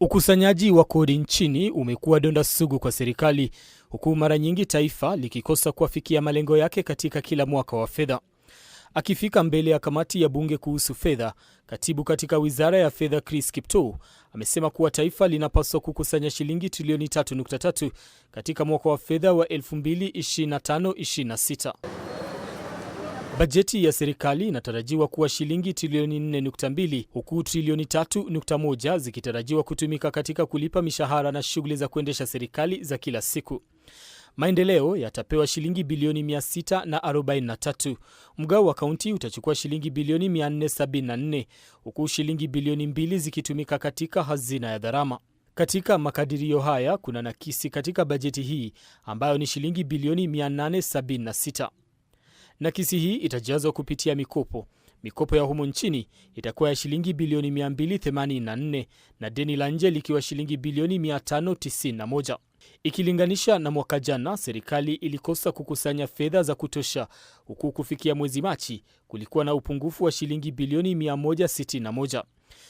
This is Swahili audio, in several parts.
Ukusanyaji wa kodi nchini umekuwa donda sugu kwa serikali, huku mara nyingi taifa likikosa kuafikia malengo yake katika kila mwaka wa fedha. Akifika mbele ya kamati ya bunge kuhusu fedha, katibu katika wizara ya fedha Chris kipto amesema kuwa taifa linapaswa kukusanya shilingi trilioni 3.3 katika mwaka wa fedha wa 2025/26. Bajeti ya serikali inatarajiwa kuwa shilingi trilioni 4.2 huku trilioni 3.1 zikitarajiwa kutumika katika kulipa mishahara na shughuli za kuendesha serikali za kila siku. Maendeleo yatapewa shilingi bilioni 643, mgao wa kaunti utachukua shilingi bilioni 474, huku shilingi bilioni mbili zikitumika katika hazina ya dharama. Katika makadirio haya kuna nakisi katika bajeti hii ambayo ni shilingi bilioni 876. Nakisi hii itajazwa kupitia mikopo. Mikopo ya humo nchini itakuwa ya shilingi bilioni 284 na deni la nje likiwa shilingi bilioni 591. Ikilinganisha na mwaka jana, serikali ilikosa kukusanya fedha za kutosha, huku kufikia mwezi Machi kulikuwa na upungufu wa shilingi bilioni 161.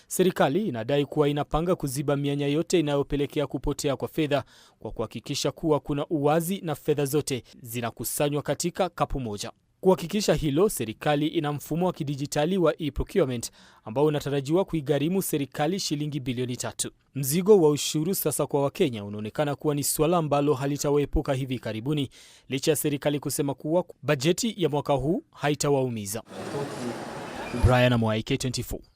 Serikali inadai kuwa inapanga kuziba mianya yote inayopelekea kupotea kwa fedha kwa kuhakikisha kuwa kuna uwazi na fedha zote zinakusanywa katika kapu moja. Kuhakikisha hilo, serikali ina mfumo wa kidijitali wa e-procurement ambao unatarajiwa kuigharimu serikali shilingi bilioni tatu. Mzigo wa ushuru sasa kwa Wakenya unaonekana kuwa ni suala ambalo halitawaepuka hivi karibuni, licha ya serikali kusema kuwa bajeti ya mwaka huu haitawaumiza. Brian 24